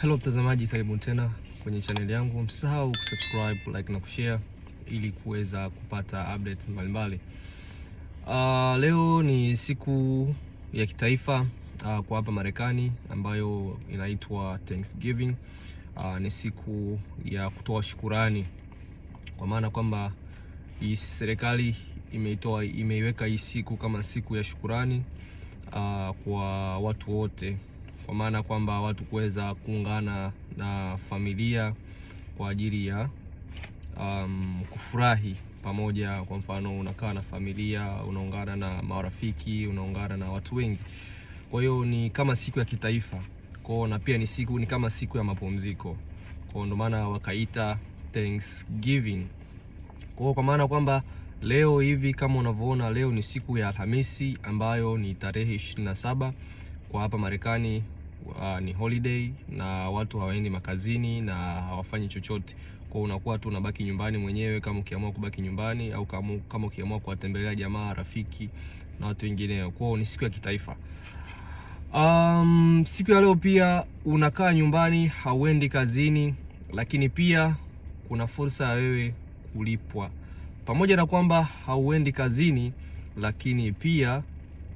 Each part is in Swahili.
Hello mtazamaji, karibu tena kwenye chaneli yangu. Msahau kusubscribe, like na kushare ili kuweza kupata updates mbalimbali. Uh, leo ni siku ya kitaifa uh, kwa hapa Marekani ambayo inaitwa Thanksgiving. Uh, ni siku ya kutoa shukurani kwa maana kwamba serikali imeitoa imeiweka hii siku kama siku ya shukurani uh, kwa watu wote kwa maana kwamba watu kuweza kuungana na familia kwa ajili ya um, kufurahi pamoja. Kwa mfano, unakaa na familia, unaungana na marafiki, unaungana na watu wengi. Kwa hiyo ni kama siku ya kitaifa kwao, na pia ni siku ni kama siku ya mapumziko kwao, ndio maana wakaita Thanksgiving kwao, kwa maana kwamba leo hivi kama unavyoona, leo ni siku ya Alhamisi ambayo ni tarehe 27 kwa hapa Marekani uh, ni holiday na watu hawaendi makazini na hawafanyi chochote kwa unakuwa tu unabaki nyumbani mwenyewe, kama ukiamua kubaki nyumbani au kama, kama ukiamua kuwatembelea jamaa, rafiki na watu wengineo. Kwao ni siku ya kitaifa. Um, siku ya leo pia unakaa nyumbani, hauendi kazini, lakini pia kuna fursa ya wewe kulipwa. Pamoja na kwamba hauendi kazini, lakini pia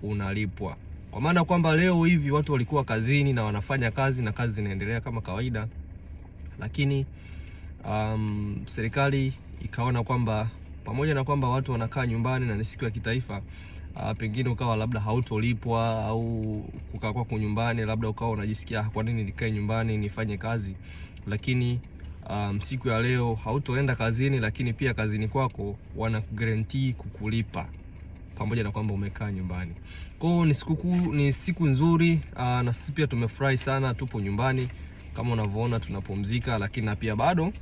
unalipwa. Kwa maana kwamba leo hivi watu walikuwa kazini na wanafanya kazi na kazi zinaendelea kama kawaida, lakini um, serikali ikaona kwamba pamoja na kwamba watu wanakaa nyumbani na ni siku ya kitaifa uh, pengine ukawa labda hautolipwa au kukaa kwako nyumbani, labda ukawa unajisikia ah, kwa nini nikae nyumbani nifanye kazi, lakini um, siku ya leo hautoenda kazini, lakini pia kazini kwako wanakugarantii kukulipa pamoja na kwamba umekaa nyumbani. Kwa hiyo ni sikukuu, ni siku nzuri aa, ah, na sisi pia tumefurahi sana, tupo nyumbani kama unavyoona tunapumzika, lakini na pia bado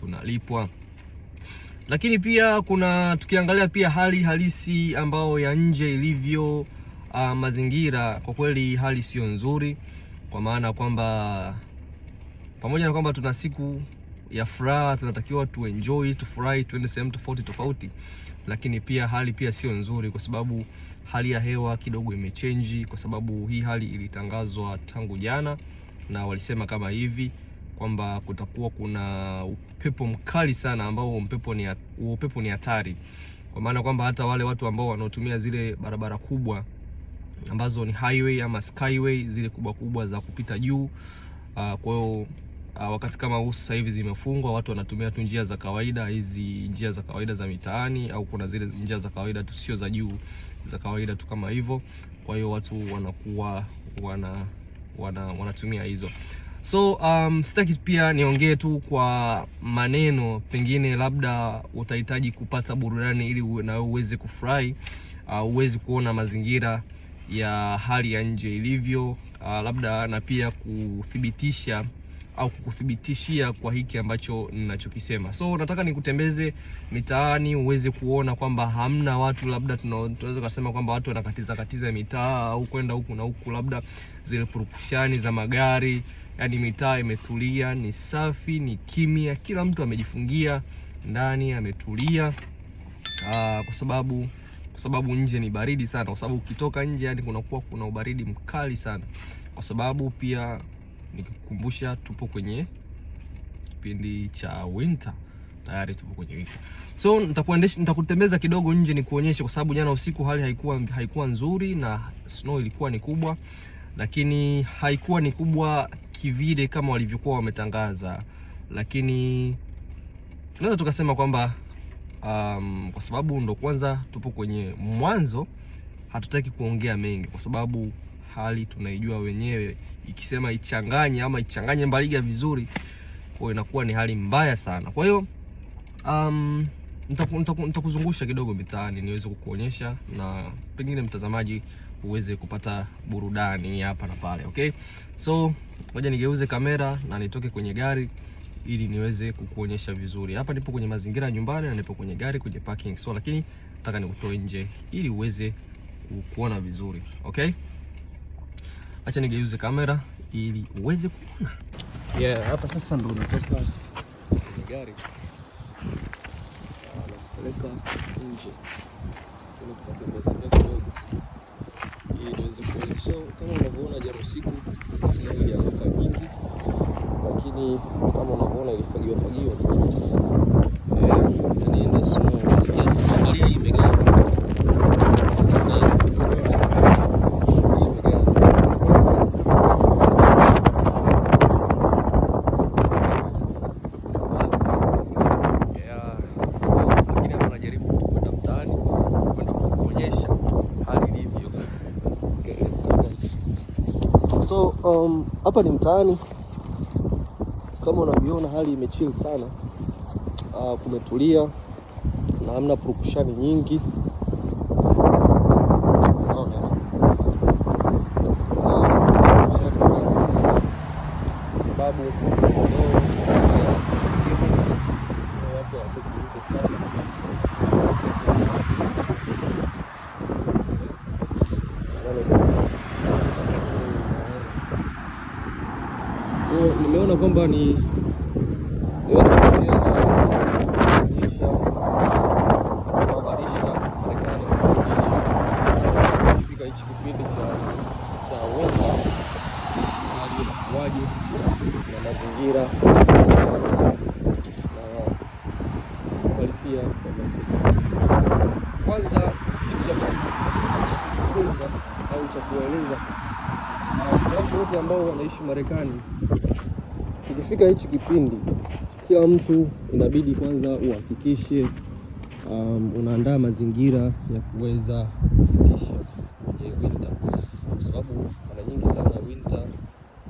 tunalipwa lakini pia kuna tukiangalia pia hali halisi ambayo ya nje ilivyo, uh, mazingira kwa kweli hali sio nzuri, kwa maana kwamba pamoja na kwamba tuna siku ya furaha, tunatakiwa tuenjoy, tufurahi, tuende sehemu tofauti tofauti, lakini pia hali pia sio nzuri, kwa sababu hali ya hewa kidogo imechenji, kwa sababu hii hali ilitangazwa tangu jana na walisema kama hivi kwamba kutakuwa kuna upepo mkali sana ambao upepo ni upepo ni hatari, kwa maana kwamba hata wale watu ambao wanaotumia zile barabara kubwa ambazo ni highway ama skyway zile kubwa kubwa za kupita juu, uh, kwa hiyo Ah, wakati kama huu sasa hivi zimefungwa, watu wanatumia tu njia za kawaida, hizi njia za kawaida za mitaani, au kuna zile njia za kawaida tu sio za juu, za kawaida tu kama hivyo. Kwa hiyo watu wanakuwa wana, wana, wanatumia hizo so um, sitaki pia niongee tu kwa maneno, pengine labda utahitaji kupata burudani ili na uweze kufurahi, uh, uweze kuona mazingira ya hali ya nje ilivyo, uh, labda na pia kuthibitisha au kukuthibitishia kwa hiki ambacho ninachokisema. So nataka nikutembeze mitaani uweze kuona kwamba hamna watu, labda tunaweza kusema kwamba watu wanakatiza katiza mitaa au kwenda huku na huku, labda zile purukushani za magari. Yani mitaa imetulia, ni safi, ni kimya, kila mtu amejifungia ndani, ametulia aa, ah, kwa sababu kwa sababu nje ni baridi sana, kwa sababu ukitoka nje yani kunakuwa kuna ubaridi mkali sana, kwa sababu pia nikikukumbusha, tupo kwenye kipindi cha winter tayari tupo kwenye winter. So nitakuendesha nitakutembeza kidogo nje nikuonyeshe, kwa sababu jana usiku hali haikuwa haikuwa nzuri na snow ilikuwa ni kubwa, lakini haikuwa ni kubwa kivile kama walivyokuwa wametangaza, lakini tunaweza tukasema kwamba um, kwa sababu ndo kwanza tupo kwenye mwanzo, hatutaki kuongea mengi kwa sababu hali tunaijua wenyewe, ikisema ichanganye ama ichanganye Mbaliga vizuri, kwa inakuwa ni hali mbaya sana. Kwa hiyo um, nitakuzungusha kidogo mitaani niweze kukuonyesha na pengine mtazamaji uweze kupata burudani hapa na pale, okay? So ngoja nigeuze kamera na nitoke kwenye gari ili niweze kukuonyesha vizuri. Hapa nipo kwenye mazingira ya nyumbani na nipo kwenye gari kwenye parking. So lakini nataka nikutoe nje ili uweze kuona vizuri, okay? Acha nigeuze kamera ili uweze kuona. Yeah, hapa sasa ndo unatoka gari nakupeleka ah, nje kidogo, ili niweze kuona. So kama unavyoona, jana usiku sio ilianguka nyingi, lakini kama unavyoona ilifagiwafagiwa So um, hapa ni mtaani kama unavyoona, hali imechill sana. Uh, kumetulia na hamna purukushani nyingi. nimeona kwamba ni niweze kushea kuhabarisha Marekani kifika hichi kipindi cha weta hali ya na mazingira na uhalisia kwa maisha. Kwanza kitu cha kufunza au cha kueleza watu wote ambao wanaishi Marekani, kikifika hichi kipindi, kila mtu inabidi kwanza uhakikishe um, unaandaa mazingira ya kuweza kupitisha kwenye winter, kwa sababu mara nyingi sana winter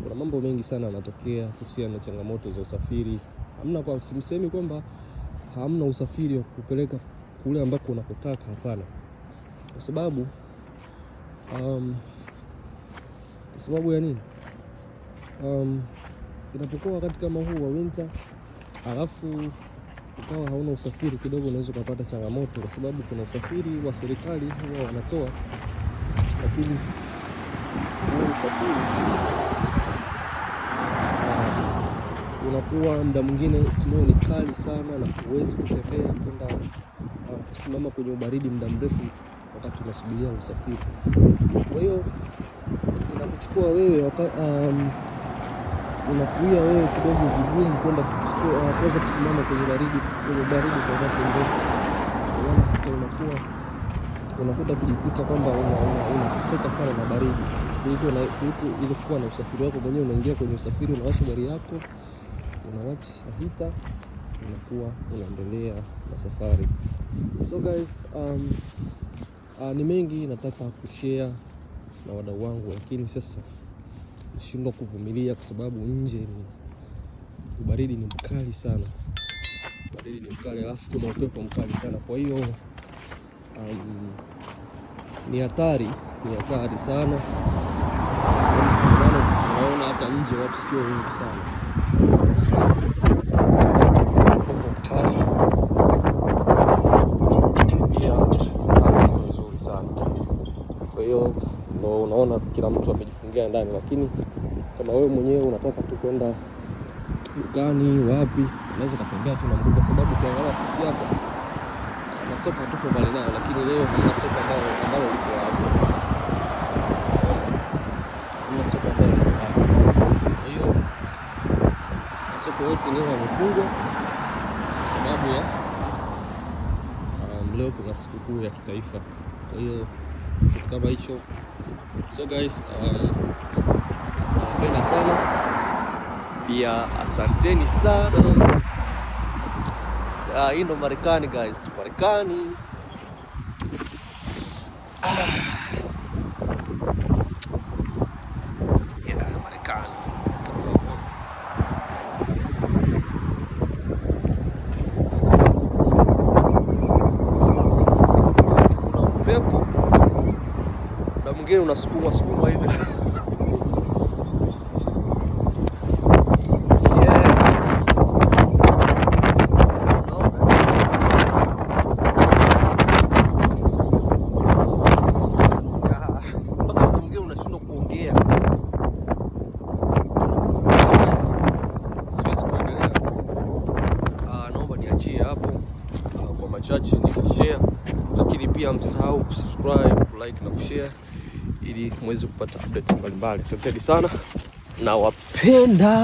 kuna mambo mengi sana yanatokea kuhusiana na changamoto za usafiri. Hamna kwa, simsemi kwamba hamna usafiri wa kupeleka kule ambako unakotaka, hapana, kwa sababu um, kwa sababu ya nini? Um, inapokuwa wakati kama huu wa winter, alafu ukawa hauna usafiri kidogo, unaweza ukapata changamoto, kwa sababu kuna usafiri wa serikali huwa wanatoa, lakini usafiri uh, unakuwa muda mwingine snow ni kali sana na huwezi kutembea kwenda uh, kusimama kwenye ubaridi muda mrefu wakati unasubiria usafiri, kwa hiyo kuchukua wewe um, unakuia wewe kidogo vigumu kwenda uh, kuweza kusimama kwenye baridi kwenye baridi kwa wakati mrefu. Yaani sasa unakuwa unakuta kujikuta kwamba unateseka sana na baridi kuliko ilikuwa na usafiri wako mwenyewe. Unaingia kwenye usafiri, unawasha gari yako, unawasha hita, unakuwa unaendelea na safari. So guys, um, uh, ni mengi nataka kushare na wadau wangu, lakini sasa nashindwa kuvumilia kwa sababu nje ni ubaridi ni mkali sana, ubaridi ni mkali alafu kuna upepo mkali sana. Kwa hiyo um, ni hatari, ni hatari sana. Naona hata nje watu sio wengi sana kila mtu amejifungia ndani, lakini kama wewe mwenyewe unataka tu kwenda dukani wapi, unaweza kutembea tu na mguu, kwa sababu ukiangalia sisi hapa masoko tupo mbali nayo, lakini leo hamna soko ambalo liko wazi, hamna soko ambalo liko wazi. Kwa hiyo masoko yote leo yamefungwa kwa sababu ya um, leo kuna sikukuu ya kitaifa, kwa hiyo kama hicho. So guys, uh, napenda uh, sana pia, asanteni sana. Ah, hii ndo Marekani guys, Marekani ah. mwingine unasukuma sukuma hivi chache ni kushare, lakini pia msahau kusubscribe, kulike na kushare ili muweze kupata updates mbalimbali. Asanteni sana, nawapenda.